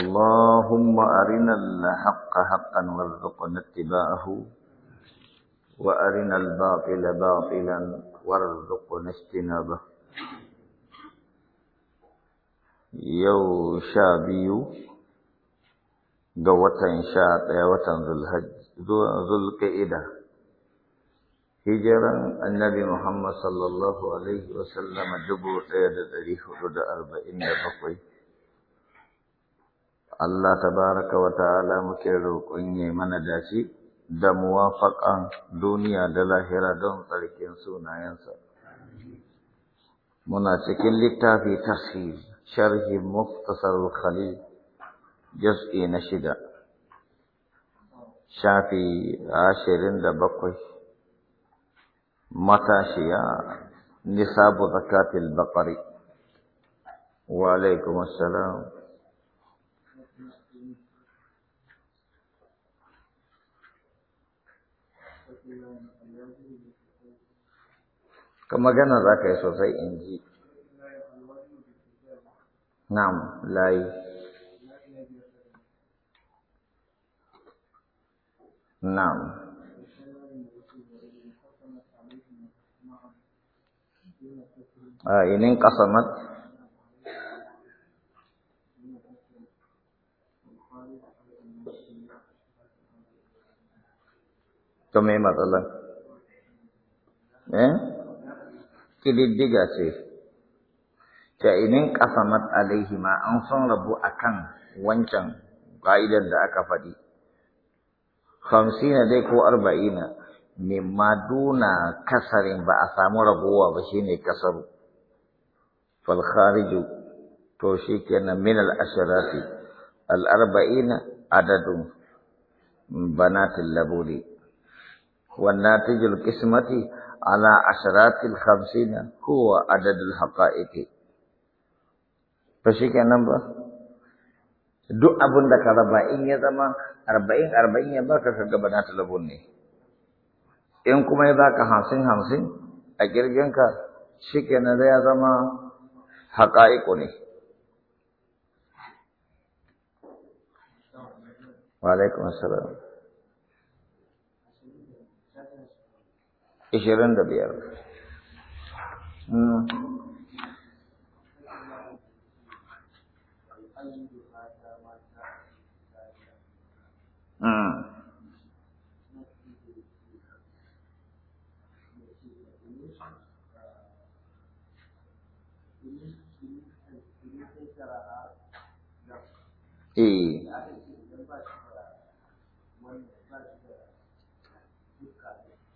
اللهم أرنا الحق حقا وارزقنا اتباعه وأرنا الباطل باطلا وارزقنا اجتنابه يو شابي قوة شاط وطن ذو الحج ذو القئدة هجرا النبي محمد صلى الله عليه وسلم جبور قيادة الريح رد أربعين بقوي Allah tabaraka wa ta'ala muke roƙon ya mana dace da muwafaƙan duniya da lahira don tsarkin sunayensa. Muna cikin littafi tafsir sharhi muftasar Khalil juz'i na shida shafi ashirin da bakwai matashiya nisabu zakatil baqari wa alaikum assalam ka magana za ka yi sosai in ji na'am layi na'am Uh, à, ini kasamat to me matsalan eh ƙididdiga sai ta inin ƙasamat alaihi ma an son rabu akan wancan ƙa'idar da aka faɗi hamsina dai ko arba'ina ma duna kasarin ba a samu rabuwa ba shine kasaru fal khariju to kenan min al asharati al arba'ina adadun banatil labuli wan natijul qismati ala asratil khamsina huwa adadul haqaiqi. Pesikan nampak? Doa pun tak kata baiknya sama arba'ing, arba'ingnya bakal kegabanan telepon ni. Yang kumai tak ke hansing-hansing, akhirnya ke sikian ada sama haqaiq ni. Waalaikumsalam. ishirin da biyar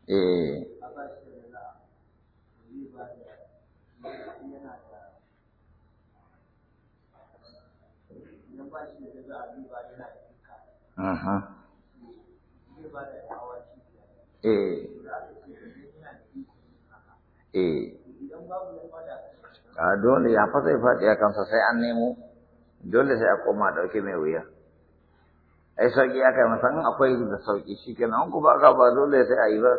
Eh. Aha. Eh. Eh. A ah, dole ya fa ya faɗi a kansa sai an nemo, dole sai a koma dauke mai wuya. Ai sauki aka yi masa akwai akwai da sauki shi kenan, in kuma aka ba dole sai a yi ba.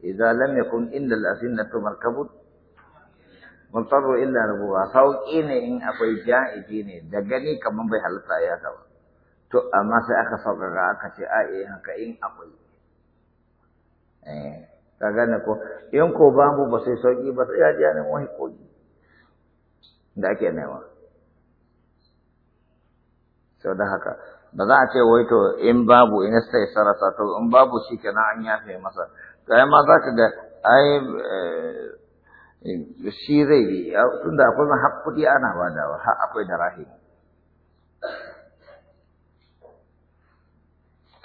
Idan lam yakun inda al-asinatu markabut mutarru illa rubuwa sauƙi ne in akwai ja'iji ne da gani kamar bai halitta ya ba. To amma sai aka sauƙaƙa aka ce a eh haka in akwai. Eh, ka gane ko in ko babu ba sai sauƙi ba sai ya ji yanin wani kogi da ake nema. Sau da haka ba za a ce wai to in babu in sai sarasa to in babu shi kenan an yafe masa. To ai ma za ka ga ai eh, shi zai bi tunda akwai Hak putih anak ana badawa har akwai rahim.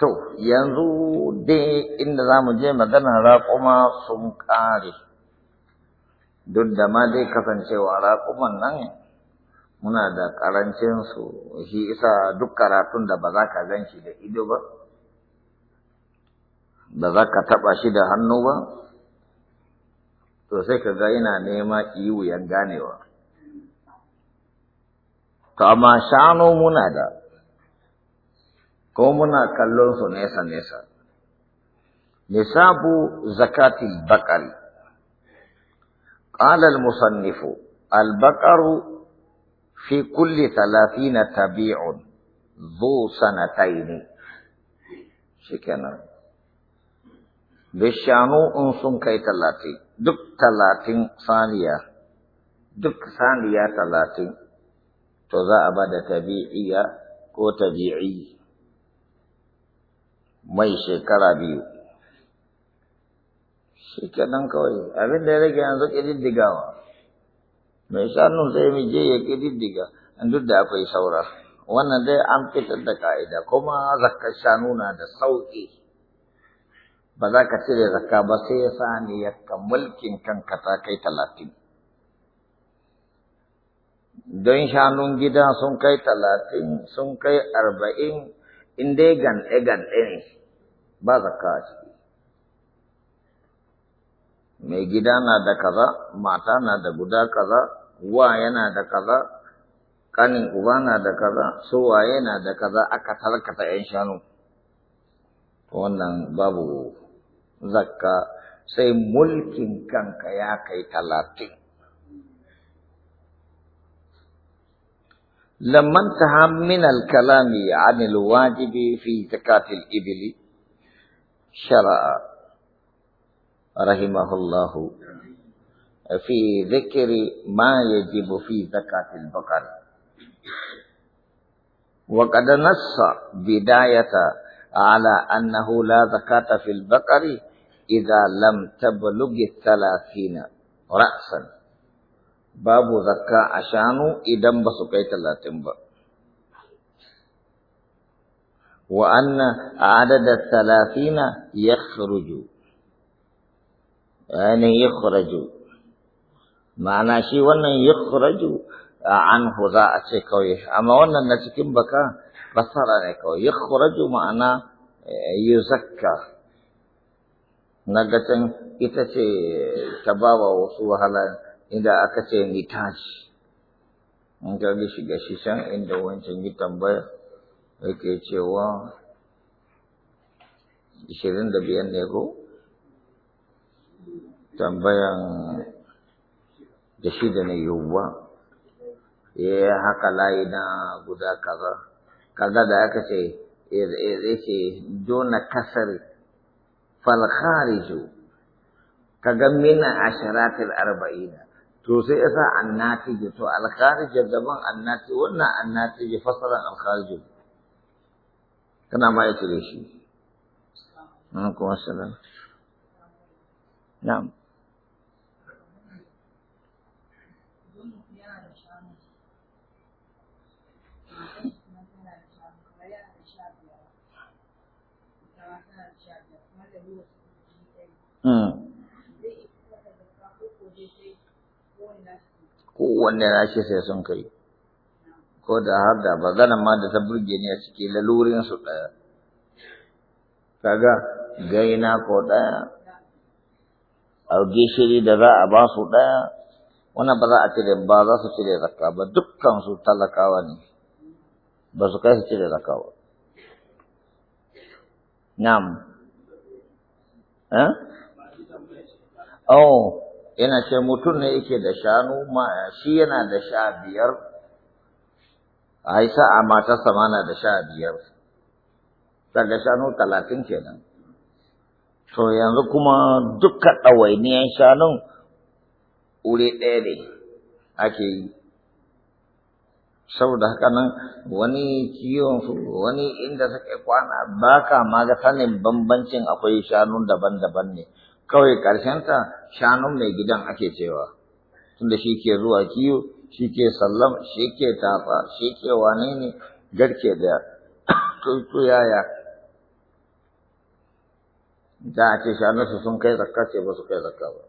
Tu, to yanzu de inda zamu je maganar raƙuma sun ƙare duk da ma dai kasancewa raƙuman nan muna da ƙarancin su shi isa duk karatun da bazaka za ka da ido ba bazaka ka taɓa shi da hannu ba to sai ka ga yana nema ki yi wuyan ganewa. To amma shanu muna da, ko muna kallon su nesa-nesa. Nisabu zakatil bakari. قال المصنف البقر في كل ثلاثين تبيع ذو سنتين شكرا بشانو انسون كي ثلاثين duk talatin saniya duk saniya talatin to za a ba da tabi'iya ko tabi'i mai shekara biyu shi kenan kawai abin da ya rage yanzu ƙididdigawa mai shanu sai mu je ya ƙididdiga duk da akwai saura wannan dai an fitar da ka'ida kuma zakar shanu na da sauƙi ba za ka cire zakka ba sai ya ka mulkin kanka ta kai talatin don shanun gida sun kai talatin sun kai arba'in in dai ganɗe-ganɗe ne ba zakka a ciki mai gida na da kaza mata na da guda kaza wa yana da kaza kanin uba na da kaza sowa yana da kaza aka tarkata 'yan shanu wannan babu zakka sai mulkin kanka ya kai talatin. لما انتهى من الكلام عن الواجب في زكاة الإبل شرع رحمه الله في ذكر ما يجب في زكاة البقر وقد نص بداية على أنه لا زكاة في البقر إذا لم تبلغ الثلاثين رأسا باب ذكا عشان إدم بسكيت الله تنبأ وأن عدد الثلاثين يخرج يعني يخرج معنى شيء وأن يخرج عنه ذا أتكوي أما وانا نتكين بكا بصرا يخرج معنى يزكى na ga can ita ce ta ba wa wasu wahala inda aka ce ni tashi in ka ga shiga shi can inda wancan yi tambaya yake cewa ishirin da biyar ne ko tambayan da shi da na yiwuwa ya eh, haka layi na guda kaza kaga da aka ce ya eh, eh, ce dona kasar falkhariju kaga mina asharatil arba'ina to sai yasa annatiju to alkharij daban annati wannan annatiju fasalan alkharij kana ma yace da shi kuma na'am kowanne na sai sun kai ko da har da ba zanen ma da ta burge ne a ciki lalurin su ɗaya kaga gaina ko ɗaya a gishiri da za a ba su ɗaya wani ba za a cire ba za su cire zakka ba dukkan su talakawa ne ba su kai su cire zakka ba Nam. eh Oh, yana ce mutum ne yake da shanu ma shi yana da sha biyar. Aisha a matarsa ma da sha biyar. Daga shanu talatin kenan. To yanzu kuma duka ɗawainiyan shanun wuri ɗaya ne ake yi. saboda haka nan wani kiwon su wani inda suke kwana ba ka ma ga sanin bambancin akwai shanu daban-daban ne kawai ta shanun mai gidan ake cewa tunda shi ke zuwa kiyo shi ke sallam shi ke tafa shi ke wane ne garke da tutu yaya da a ce shanunsu sun kai zakka ce ba su kai zakka ba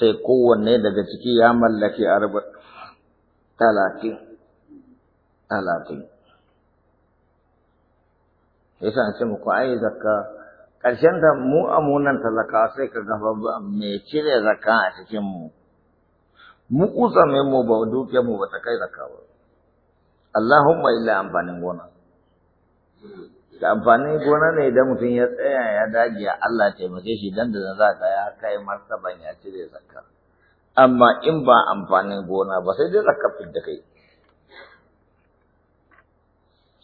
sai kowanne daga ciki ya mallake arba talatin talatin ya an ce muku ai zakka ƙarshen ta mu amunan talaka sai ka gaba mai cire zaka a cikin mu mu kusa mai mu ba dukiyar mu ba ta kai zaka ba Allahumma illa amfanin gona da amfanin gona ne idan mutum ya tsaya ya dage ya Allah taimake shi dan da za ka ya kai martaban ya cire zakka amma in ba amfanin gona ba sai dai zakka fidda kai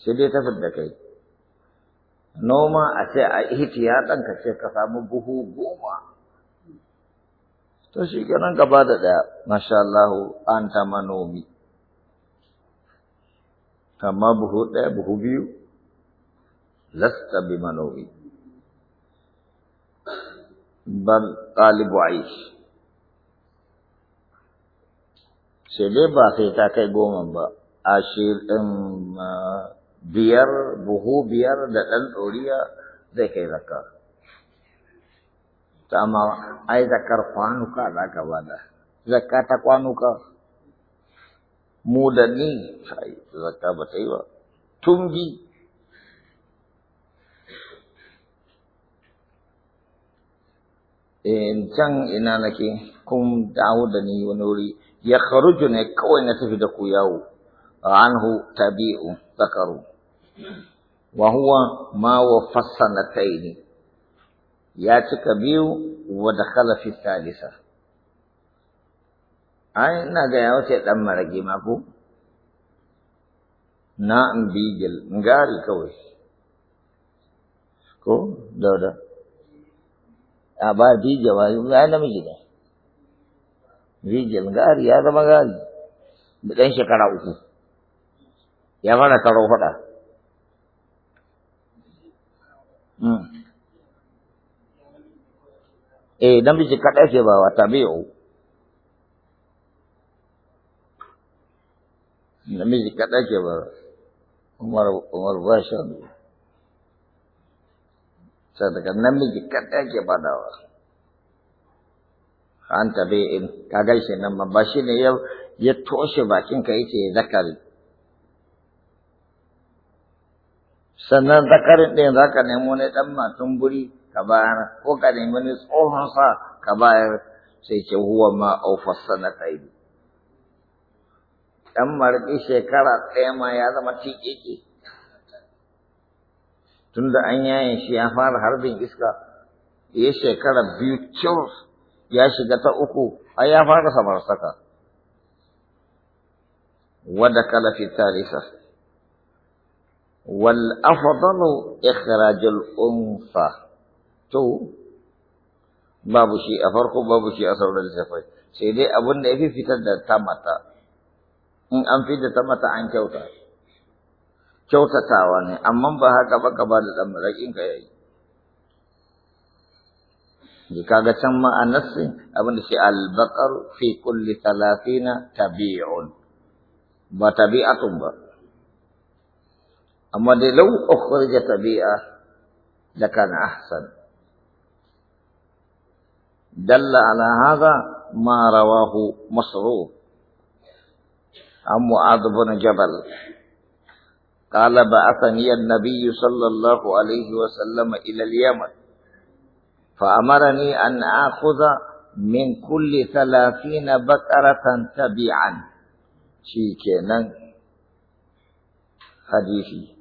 sai dai ta fidda kai noma a ce a ihtiyaɗan ka ce ka samu buhu goma to shi kenan gaba da ɗaya masha Allah an ta manomi amma buhu ɗaya buhu biyu lasta bi manomi ban ɗalibu a sai dai ba sai ta kai goma ba A shi ɗin um, biyar buhu biyar da ɗan ɗoriya zai kai zakka ta ai zakkar kwanuka za ka bada zakka ta kwanuka mu da ni zakka ba ta yi ba tun bi eh, can ina nake kun dawo da ni wani wuri ya kharuju ne kawai na tafi da ku yawo anhu tabi'u zakaru Wahuwa huwa ma wa fassanataini ya cika biyu wa dakhala fi thalitha ai ina ga ya wuce dan marage ma ko na ambigil ngari kawai ko dauda a ba bija ba ya namiji da bigil ngari ya zama gari da dan shekara uku ya fara karo faɗa Hmm. Eh namiji kaɗai ke ba wa tabi'u. Namiji kaɗai saya ba Umar Umar Bashan. Sadaka namiji kaɗai ke badawa. An tabi'in kagai gaishe nan ma ba shi ne ya toshe bakinka yake zakari. sannan zakarin ɗin za ka nemo ne ɗan matun buri ka bayar ko ka nemi ne tsohon sa ka bayar sai ce huwa ma aufassa na tsaye ɗan marƙi shekara ɗaya ma ya zama tun tunda an yayin shi ya fara harbin iska ya shekara biyu cewar ya shiga ta uku a ya fara samarsaka wadda kala fi tarisa والأفضل إخراج الأنثى تو babu shi a farko babu shi a sauran littafai sai dai abin da ya fi fitar da ta mata in an fi da ta mata an kyauta kyautatawa ne amma ba haka ba ka ba da dan maraƙin ka yayi ji kaga can ma a nassin abin da shi al-baqar fi kulli 30 tabi'un ba tabi'atun ba أما لو أخرجت بيئة لكان أحسن دل على هذا ما رواه مصروف عن معاذ بن جبل قال بعثني النبي صلى الله عليه وسلم إلى اليمن فأمرني أن آخذ من كل ثلاثين بقرة تبعا شيكينا حديثي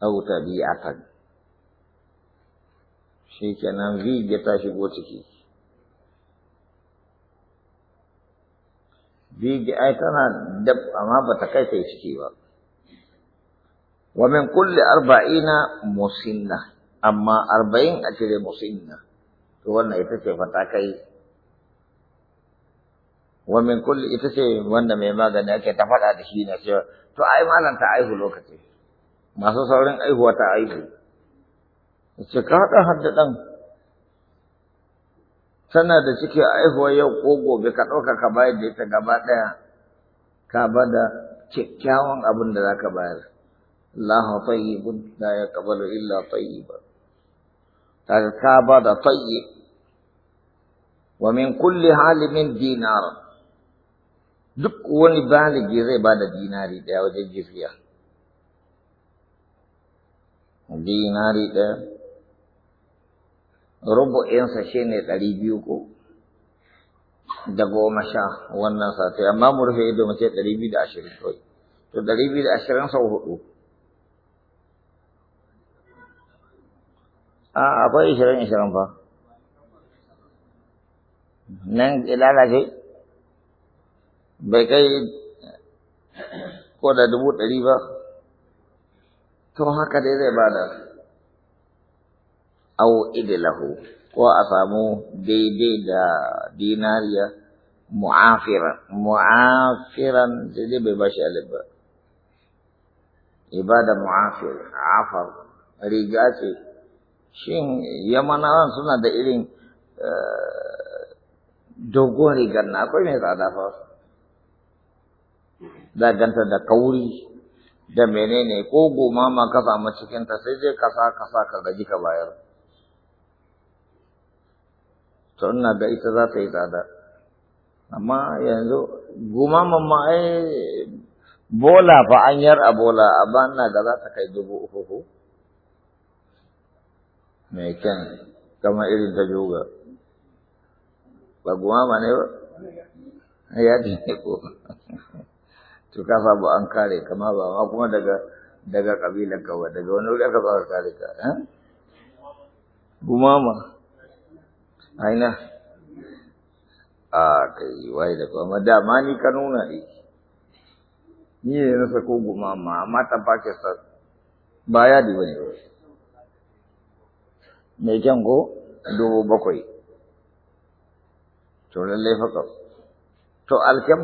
au tabi'atan shi kenan vi ya ta shigo ciki vi ai tana dab amma ba ta kai sai ciki ba wa min kulli arba'ina musinna amma arba'in a cire musinna to wannan ita ce fata kai wa min kulli ita ce wanda mai magani ake ta faɗa da shi ne cewa to ai malam ta aihu lokaci masu saurin aihuwa ta aihu ce ka haɗa hadda ɗan tana da cike aihuwa yau ko gobe ka ɗauka ka bayar da ita gaba ɗaya ka ba da kyakkyawan abin da za ka bayar Allah tayyibun la yaqbalu illa tayyiban Ta ka ba da tayyib wa min kulli halimin dinar duk wani baligi zai bada dinari ɗaya wajen jifiya dinari ɗaya rubu'insa shi ne ɗari biyu ko da goma sha wannan sati amma mu rufe ido mace ɗari biyu da ashirin kawai to ɗari biyu da ashirin sau hudu a akwai ishirin ishirin fa nan lalace bai kai ko da dubu ɗari ba to haka dai zai bada au idilahu ko a samu daidai da dinariya mu'afiran mu'afiran daidai bai bashi alif ibada mu'afir afar riga ce shin yamanawan suna da irin eh, dogon rigar na akwai mai tsada fa zaganta da kauri da menene ko goma ma ka samu cikin ta sai zai kasa kasa ka gaji ka bayar to ina ga ita za ta yi tsada amma yanzu goma ma ai bola fa an yar a bola a ina ga za ta kai dubu uku ko me kyan kamar irin ta joga ba goma ma ne ba ya ne ko to ka samu an kare kama ba ma kuma daga daga kabilar ka daga wani wuri aka ba ka kare ka eh gumama aina a kai wai da kuma da ma ni ka nuna ne ni ne na sako gumama amma ta Pakistan ba ya di wuri mai kyan ko dubu bakwai to lallai fa to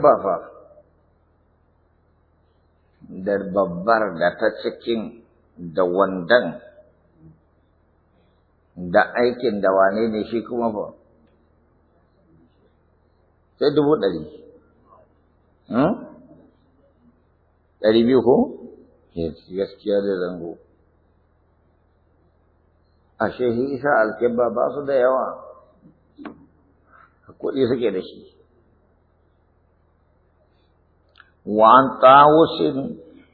ba fa da babbar da ta cikin da wandan da aikin da wane ne shi kuma fa sai dubu ɗari hmm? ɗari biyu ko gaskiya da zango ashe shi isa alkebba ba su da yawa kuɗi suke da shi وعن طاووس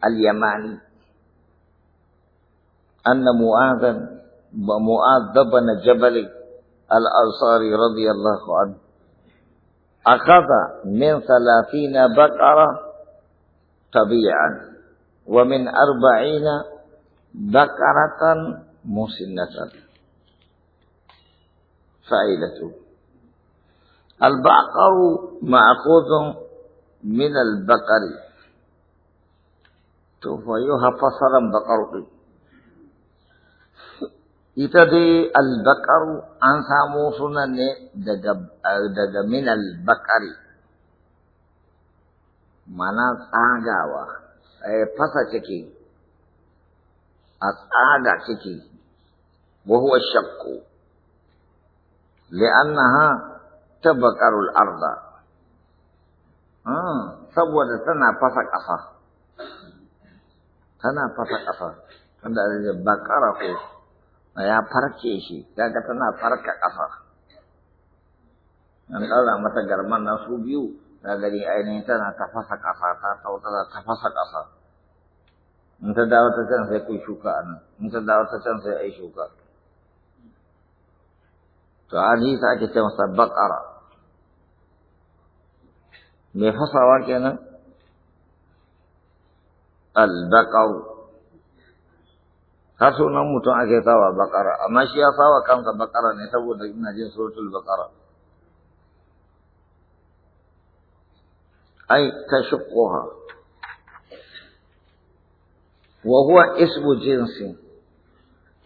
اليماني أن معاذا معاذ بن جبل الأنصاري رضي الله عنه أخذ من ثلاثين بقرة طبيعا ومن أربعين بقرة مسنة فائدته البقر مأخوذ من البقر توفا يوها فصلا بقر إتدي البقر أنسى موسونا دجا من البقر مانا آجاوا أي فصا شكي أسعاد شكي وهو الشق لأنها تبقر الأرض Hmm, saboda tana fasa ƙasa tana fasa ƙasa tunda da bakara ko ya farke shi kaga tana farka ƙasa an ƙara mata garman na su biyu na gari ainihin tana ta fasa ƙasa ta tautara ta fasa ƙasa in ta dawo ta can sai kai shuka a nan in ta dawo ta can sai ai shuka to an yi ta ake ce masa bakara من فصا واكينا البقر خاصو نمو تو اكي تاوا بقرة اما شيا تاوا كم تا بقرة نتبو نجمنا جين سورة البقرة اي تشقها وهو اسم جنس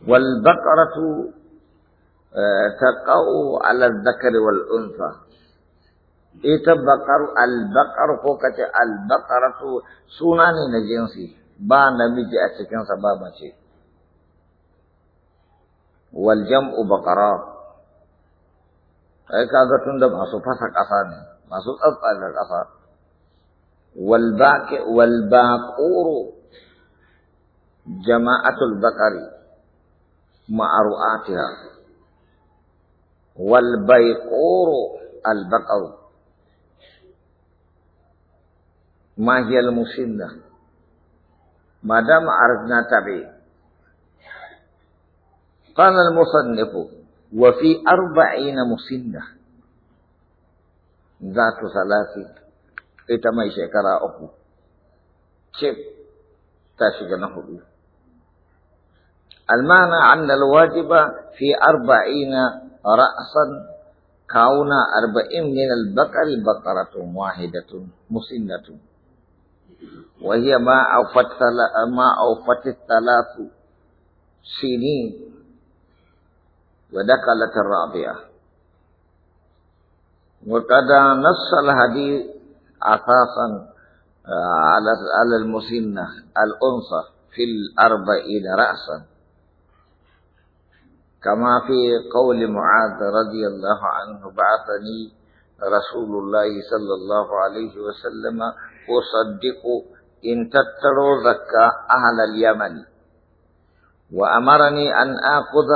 والبقرة آه، تقع على الذكر والأنثى ایتا بقر البقر کو کچھ البقر تو سونا نہیں نجیم سی با نبی جی اچھا کن سا بابا چھے والجمع بقرا ایک آدھا تن دب حسو پسا کسا نہیں حسو اتا کسا والباق والباقور جماعت البقری معروعاتها والبيقور البقر ما هي المسنة ما دام عرفنا تبعي قال المصنف وفي أربعين مسنة ذات ثلاث إتمي شكرا أخو شف تاشق نحو المعنى أن الواجب في أربعين رأسا كون أربعين من البقر بقرة واحدة مسنة وهي ما أوفت ما أوفت الثلاث سنين ودخلت الرابعة وقد نص الحديث أساسا آه، على المسنة الأنثى في الأربعين رأسا كما في قول معاذ رضي الله عنه بعثني رسول الله صلى الله عليه وسلم أصدق إن تتروا زكا أهل اليمن وأمرني أن آخذ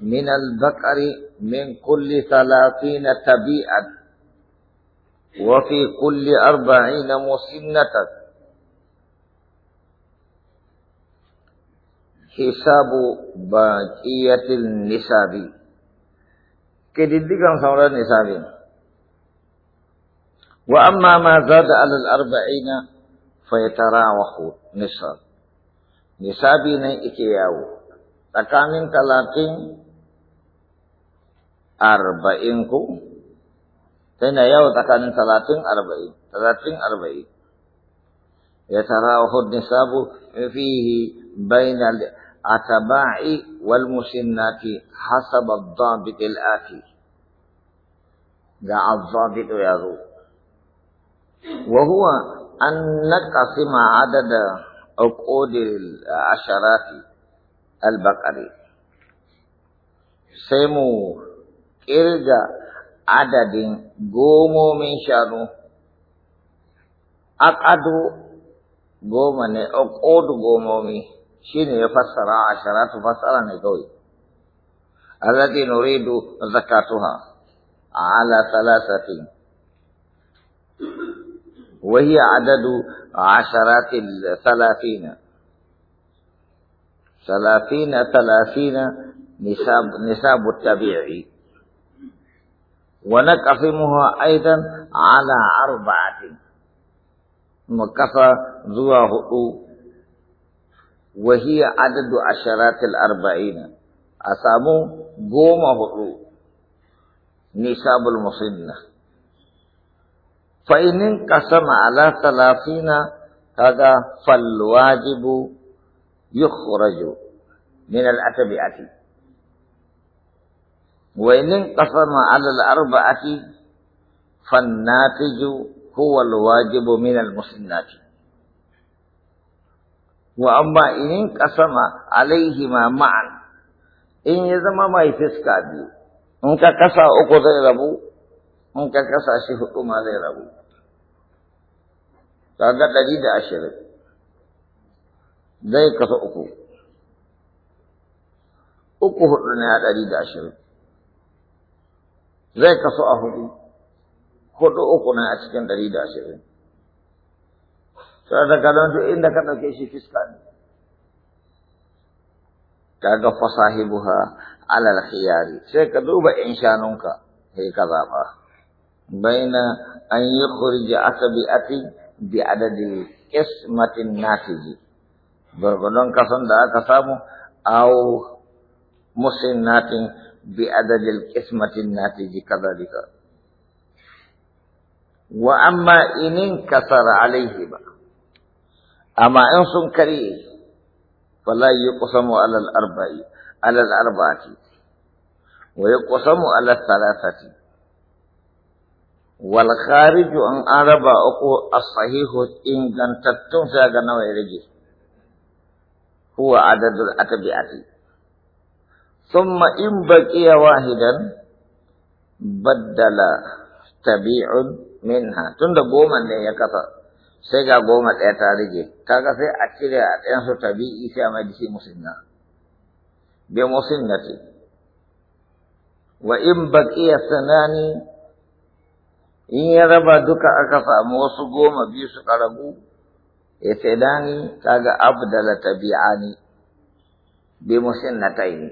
من البقر من كل ثلاثين تبيئة وفي كل أربعين مسنة حساب باقية النساب كان صورة نسابين وأما ما زاد على الأربعين فيتراوح نصاب نصابي نيكي ياو تكامين تلاتين أربعين كو تنا ياو تكامين تلاتين أربعين تلاتين أربعين يتراوح النصاب فيه بين الأتباع والمسنات حسب الضابط الآتي جاء الضابط يا wa huwa an naqasima adada uqudil asharati al-baqari sai mu kirga adadin gomomin shanu aqadu goma ne uqudu gomomi shine ya fassara asharatu fasara ne kawai allati nuridu zakatuha ala thalathati وهي عدد عشرات الثلاثين ثلاثين ثلاثين نساب, نساب التبيعي ونقسمها أيضا على أربعة مكفى ذو هؤو وهي عدد عشرات الأربعين أسامو قوم هؤو نساب المصنف fa'inin kasama ala talafina kaga falwajibu yukhraju min al-atabi'ati wa in qasama ala al-arba'ati fannatiju huwa al-wajibu min al wa amma in qasama alaihima ma'an in ya zama mai fiska biyu in ka kasa uku zai rabu in ka kasa shi hudu ma zai rabu ga ɗari da ashirin zai kasa uku uku hudu ne a ɗari da ashirin zai kasa a hudu hudu uku ne a cikin ɗari da ashirin sai da kalanto inda ka ɗauke shi fiska ne kaga fasahibuha alal khiyari sai ka duba in shanunka sai ka zaɓa بين أن يخرج أسبئتي بعدد قسمة الناتج برغدون كسن دا كسامو أو مسنات بعدد القسمة الناتج كذلك وأما إن انكسر عليهما أما إن سنكري فلا يقسم على الأربع على الأربعة ويقسم على الثلاثة wal an araba uku a sahihu ingantattun sa ga nawa ya rage huwa adadul atabi'ati in baqiya wahidan baddala tabi'un minha tunda goma ne ya يكثر sai ga goma ɗaya ta rage kaga sai a cire a ɗayan su tabi'i sai mai da musinna bi musinnati wa in baqiya sanani in ya raba duka aka samu wasu goma biyu su rabu ya ce dani kaga abdala ne bi na yi.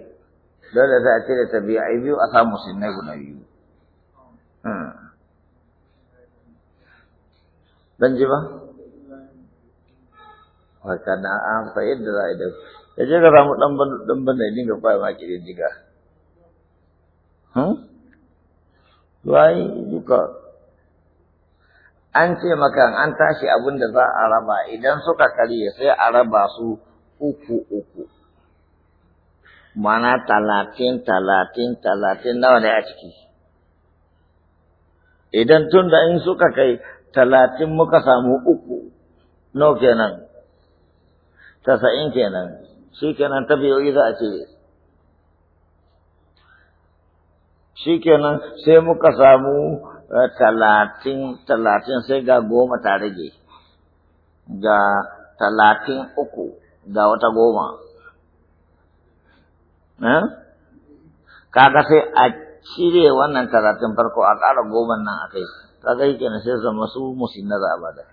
dole za a cire tabi'a biyu a samu na guna biyu Ɗan hmm. ji ba haka na an fa yadda za a idan ya je ka samu ɗan ban da yi dinga kwaya ma da jiga hmm wai duka an ce maka an tashi abin da za a raba idan suka karye sai a raba su uku uku mana talatin talatin talatin nawa ne a ciki idan tun da in suka kai talatin muka samu uku nawa kenan tasa'in kenan shi kenan ta biyoyi za a ce shi kenan sai muka samu Eh, talatin talatin sai ga goma ta rage ga talatin uku ga wata goma eh? kaga sai a cire wannan talatin farko a ƙara goman nan a kai kaga yake na sai zama su musin na za bada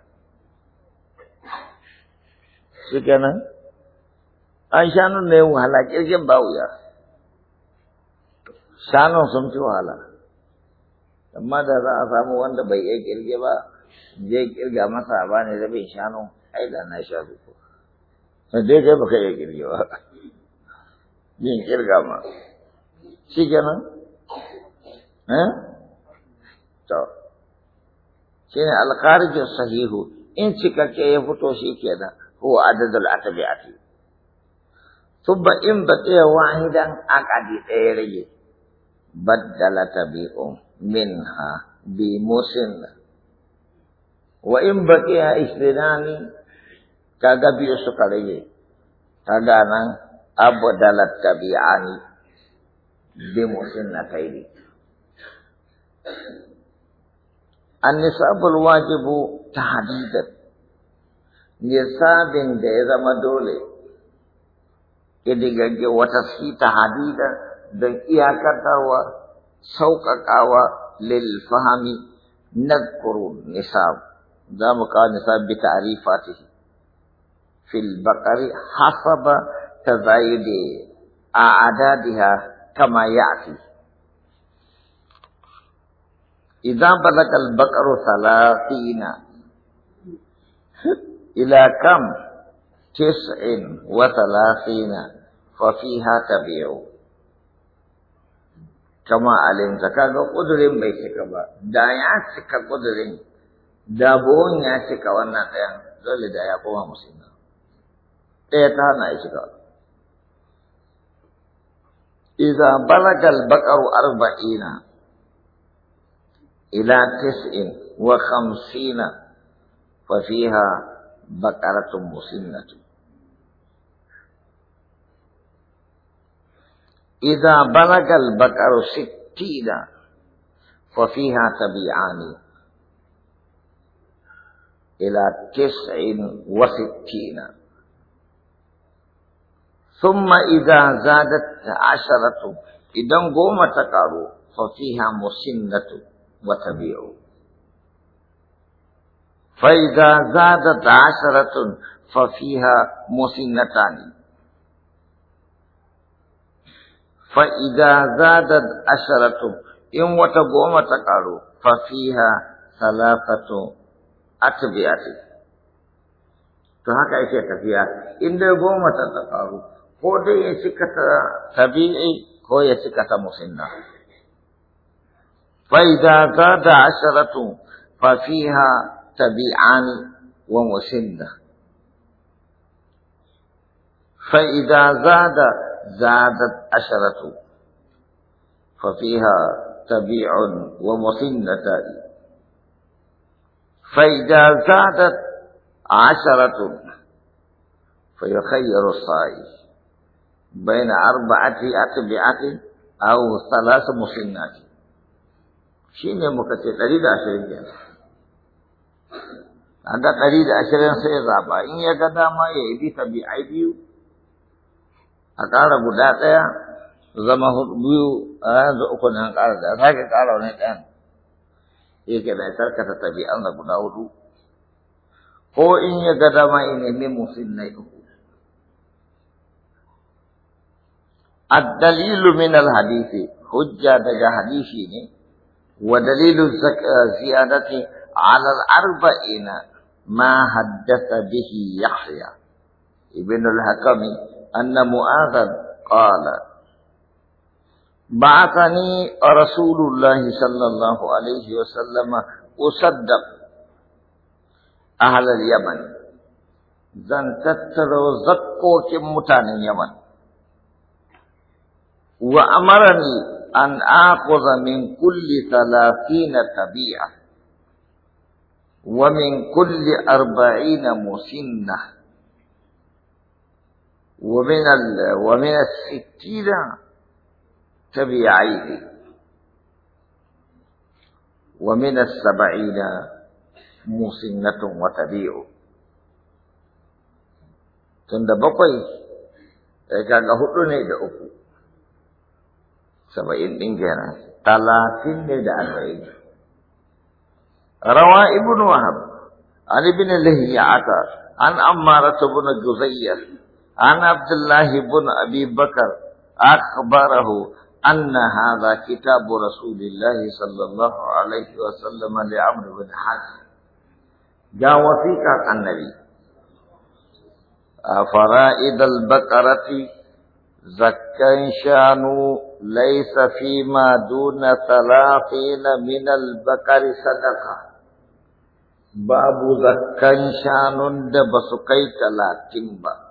shi kenan an shanun ne wahala kirgin ba wuya shanun sun ci wahala amma da za a samu wanda bai iya kirge ba zai kirga masa ba ne rabin shanu ai da na sha duku dai kai baka iya kirge ba yin kirga ma shi kenan eh to shine alkharij sahihu in ke ya fito shi kenan ko adadul atabi'ati tubba in baqiya wahidan aqadi ɗaya rage baddala tabi'un منها بمسن وإن بقي اثنان كذا بيسك عليه كذا أبدلت تبيعان بمسنتين النصاب الواجب تحديدا نصاب da ya zama dole ƙidigagge wata shi ta hadida don iyakantarwa سوقكاوا للفهم نذكر النصاب دام كان نصاب بتعريفاته في البقر حسب تزايد أعدادها كما يأتي إذا بلغ البقر ثلاثين إلى كم تسع وثلاثين ففيها تبيعون كما علم زكاة قدر بيسك با دايات سكا قدر دابون ياسك وانا تيان زل دايا قوة مسلمة تيتا نايسك إذا بلغ البقر أربعين إلى تسع وخمسين ففيها بقرة مسنة إذا بلغ البقر ستين ففيها تبيعان إلى تسع وستين ثم إذا زادت عشرة إذا قوم تقاروا ففيها مسنة وتبيع فإذا زادت عشرة ففيها مسنتان in wata goma ta ƙaru, fa fiha salafatu أتبعة to haka yake tafiya in dai goma ta ƙaru, ko dai ya cika ta tabi'i ko ya cika ta musinna fa idza zada asharatu fa fiha tabi'ani wa musinna فإذا زاد زادت عشرة ففيها تبيع ومسنتان فإذا زادت عشرة فيخير الصائم بين أربعة أتبعة أو ثلاث مسنات شين مكتب قريد عشرين جنة عندك أريد عشرين سيضابا إن يقدام يبي تبيعي بيو a ƙara guda ɗaya zama biyu a yanzu uku nan ƙara da sake ƙara wani ɗayan yake da karkata tabi'an da guda hudu ko in ya ga dama in nemi musin na uku الدليل من الحديث حجة دجا حديثي ودليل الزيادة على الأربعين ما حدث به يحيى ابن الحكم أن معاذ قال بعثني رسول الله صلى الله عليه وسلم أصدق أهل اليمن زن تترو زقو كمتان اليمن وأمرني أن آخذ من كل ثلاثين تبيعة ومن كل أربعين مسنّة ومن ال... ومن الستين تبعيه ومن السبعين مسنة وتبيع تند بقي قال له لوني دا أبو سبعين لنجانا تلاتين دا أبعين روى ابن وهب عن ابن لهيعة عن أمارة بن جزير عن عبد الله بن أبي بكر أخبره أن هذا كتاب رسول الله صلى الله عليه وسلم لعمر بن حاتم جاء عن النبي فرائد البقرة زكا شانو ليس فيما دون ثلاثين من البقر صدقة باب زكا شان دبسكي ثلاثين بقر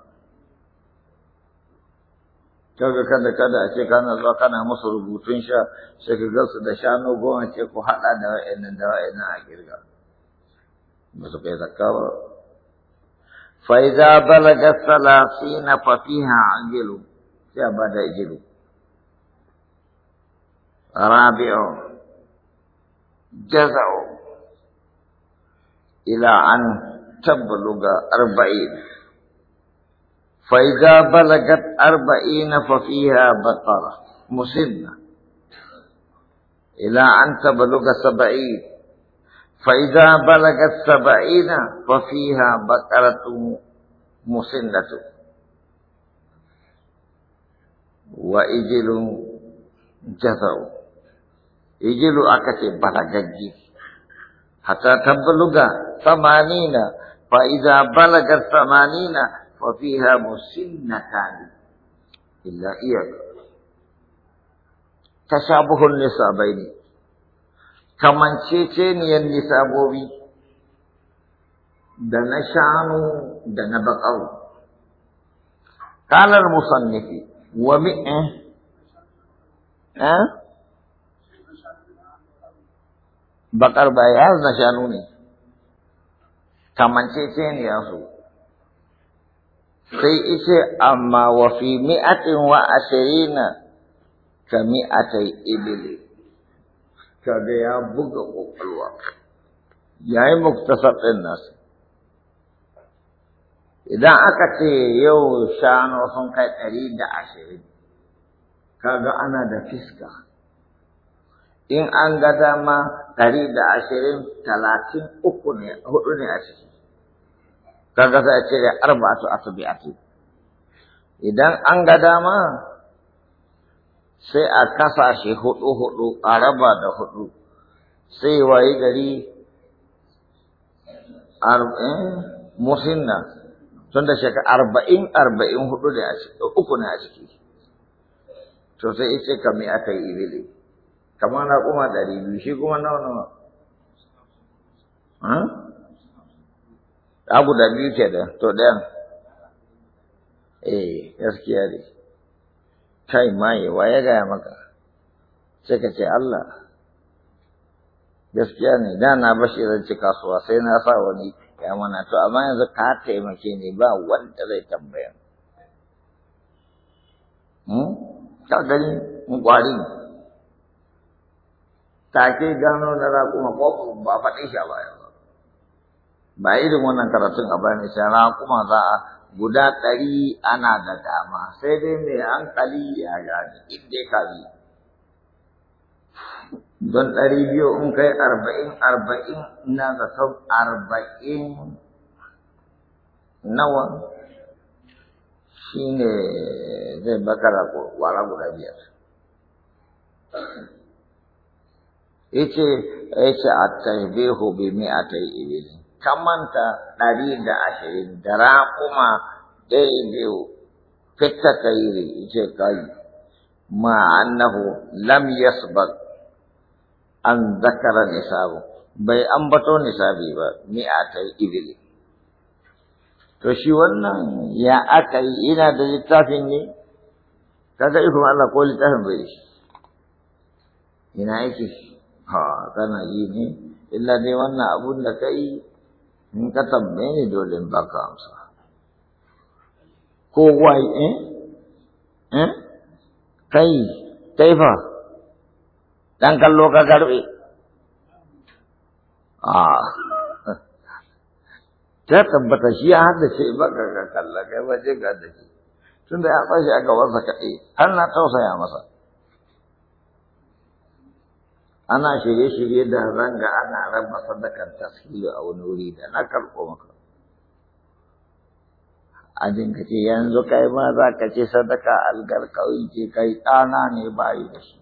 kaga kada kada a ce kana zuwa kana musu rubutun sha sai ka gasu da shanu goma ce ku haɗa da wa'annan da wa'annan a kirga ba su kai zakka ba fa iza balaga salasina fa fiha ajilu sai a bada ajilu rabi'u jaza'u ila an tabluga arba'in فإذا بلغت أربعين ففيها بقرة مسنة إلى أن تبلغ سبعين فإذا بلغت سبعين ففيها بقرة مسنة وإجل جذع إجل أكتب بلغجي حتى تبلغ ثمانين فإذا بلغت ثمانين وفيها مسنتان إلا إياك تشابه النصابين كمن تشيتيني النصابوي دنا شانو دنا بقو قال المصنف ومئة أه؟ بقر بياز نشانوني كمن تشيتيني يا رسول sai ice amma wafi fi mi'atin wa ashirina ka mi'atai ibili kaga ya buga kwakwalwa yayi muktasar ɗin nasu idan aka ce yau shanu sun kai ɗari da ashirin kaga ana da fiska in an ga dama ɗari da ashirin talatin uku ne hudu ne a ciki kaga sai a ce da arba'atu ce, idan an ga dama sai a kasa shi hudu hudu a raba da hudu sai wayi gari arba'in eh, musinna da shekara arba'in arba'in hudu da uku ne a ciki to sai ya ce ka mai aka yi ibili kamar na kuma ɗari biyu shi kuma nawa nawa a guda biyu ke da to ɗayan eh gaskiya ne kai mayewa ya gaya maka sai ka ce Allah gaskiya ne da na bashi zan ci kasuwa sai na sa wani ya mana to amma yanzu ka taimake ni ba wanda zai tambaya hmm? ka gani ne. kwari take gano na raƙuma ko ba faɗi shi a baya ba ba irin wannan karatun a bayan na, kuma za a guda ɗari ana da dama sai dai mai hankali ya gane inda ka bi don ɗari biyu in kai arba'in arba'in ina da sab arba'in nawa shine ne zai bakara wara guda biyar yace yace at-tashbihu bi mi'atay ibilin kamanta ɗari da ashirin da raƙuma ɗaya biyu fitta kairi ce kai ma annahu lam yasbaq an zakara nisabu bai ambato nisabi ba mi'atai ibili to shi wannan ya aka yi ina da littafin ne kaga ikon Allah ko littafin bai shi ina yake ha kana yi ne illa dai wannan abun da kai in ka tambaye ni dole in baka amsa ko wai eh eh kai kai fa dan kallo ka karbe a ah. ta tabbata shi ya hada shi baka ka kalla kai ba ga da shi tunda ya tsashi a wasa kaɗai har na tausaya masa ana shirye-shirye da ranga ana raba sadakan taskiyo a wani wuri da na karɓo maka a jinka ce yanzu kai ma za ka ce sadaka algar kawai ce kai ɗana ne bayi da shi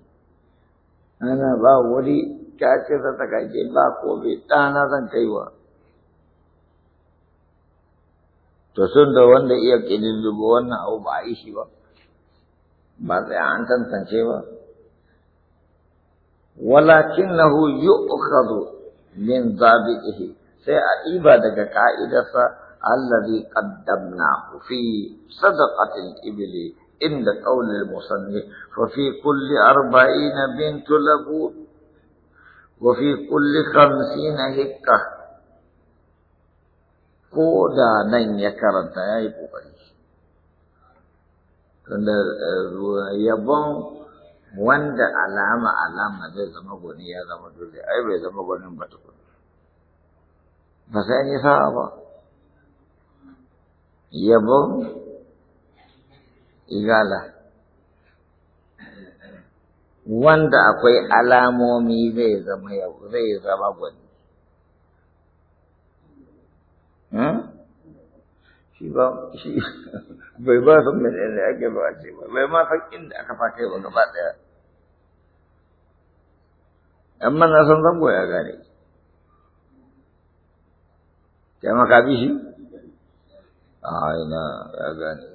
ana ba wuri ka ce sadaka ce ba ko bai ɗana zan kai wa to sun da wanda iya ƙididdigo wannan abu ba a yi shi ba ba sai an tantance ba ولكنه يؤخذ من ضابطه سيأتيبا دك قائدة الذي قدمناه في صدقة الإبل عند قول المصنف ففي كل أربعين بنت لبون وفي كل خمسين هكة كودا نن يكرن تايب وقريش آه، يبون wanda alama alama zai zama goni ya zama dole ai bai zama gonin ba tukun ba sai an yi sa'a ba Yabo, igala wanda akwai alamomi zai zama zai zama gwani hmm? shi ba shi bai ba san menene ake ba ce ba bai ma san inda aka fata ba gaba daya amma na san zango ya gane taimaka bi shi a ina ya gane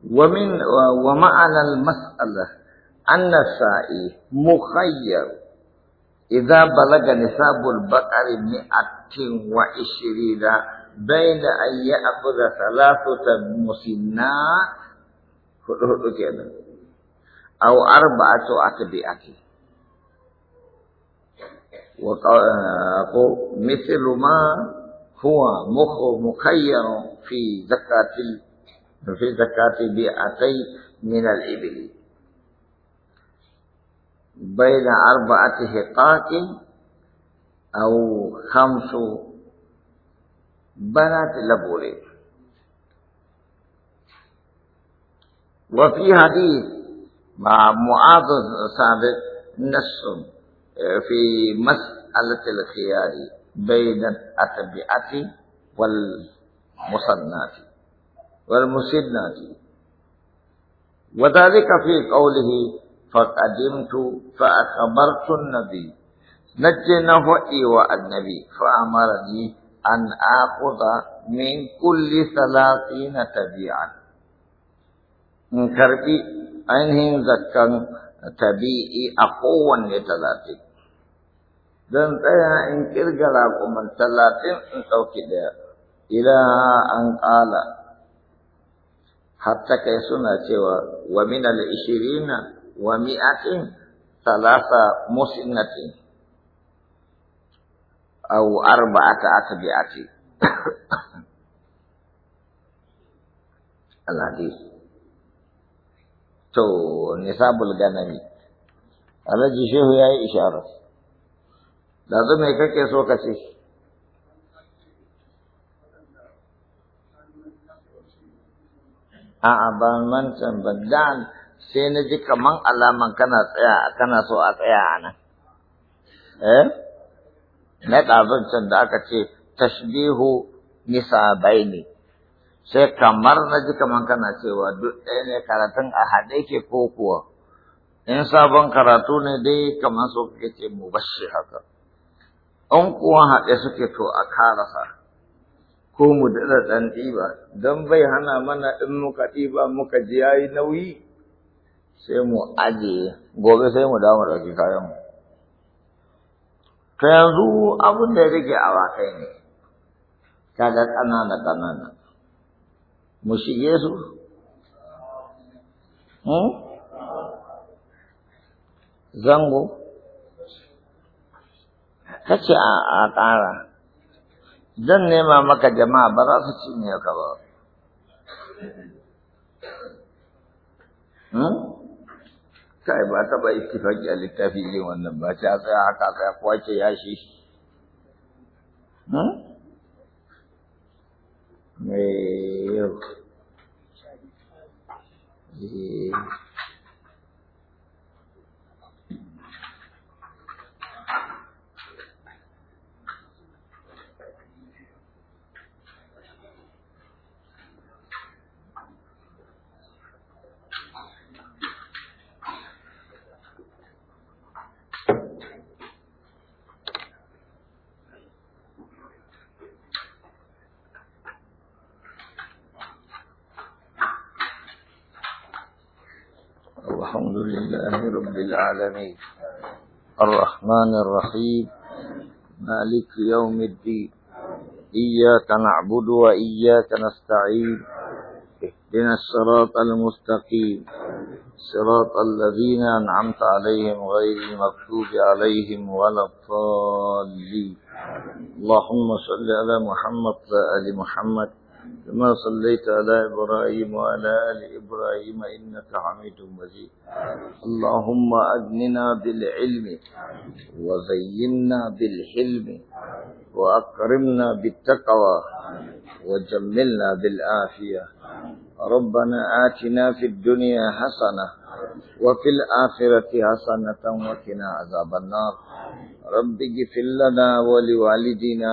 ومن ومعنى المسألة أن السائي مخير إذا بلغ نصاب البقر مئة وعشرين بين أن يأخذ ثلاثة مسنات أو أربعة وقال مثل ما هو مخ مخير في زكاة في زكاة بيعتي من الإبل بين أربعة حقاق أو خمس بنات لبوري وفي حديث مع معاذ السابق نص في مسألة الخيار بين الأتبعة والمصنات والمسنات وذلك في قوله فقدمت فأخبرت النبي نجنه إيواء النبي فأمرني أن آخذ من كل ثلاثين تبيعا من كربي ainihin zakkan tabi'i a kowanne talatin. Don tsaya in kirgala kuma talatin in ɗauki ɗaya, ila an ƙala, hatta kai suna cewa wa min al-ishirina wa mi'atin talasa musinatin au arba'ata atbi'ati al-hadith to nisabul ganami alhaji shehu ya yi isharar ɗazu mai kake so ka ce a'a ba ba sai na ji kaman alaman kana tsaya kana so a tsaya a nan eh na ɗazun can da aka ce tashbihu nisabai ne sai kamar na ji kamar kana cewa duk ɗaya ne karatun a haɗe ke ko kuwa in sabon karatu ne dai kamar so kake ce mu bashi haka in kuwa haɗe suke to a karasa ko mu daɗa ɗan ɗiba don bai hana mana in muka ɗiba muka ji yayi nauyi sai mu ajiye gobe sai mu dawo da ɗauki kayan mu ta yanzu abin da ya rage a wakai ne kaga ƙanana ƙanana mu shige su zango ta ce a ƙara zan nema maka jama'a ba za su cinye ka ba kai ba taɓa istifaki a littafi yin wannan ba ce a tsaya haka kai kwace yashi mai yau الحمد لله رب العالمين الرحمن الرحيم مالك يوم الدين إياك نعبد وإياك نستعين اهدنا الصراط المستقيم صراط الذين أنعمت عليهم غير المكتوب عليهم ولا الضالين اللهم صل على محمد وآل محمد كما صليت على إبراهيم وعلى آل إبراهيم إنك حميد مجيد اللهم أجننا بالعلم وزينا بالحلم وأكرمنا بالتقوى وجملنا بالعافية ربنا آتنا في الدنيا حسنة وفي الآخرة حسنة وقنا عذاب النار رب اغفر لنا ولوالدينا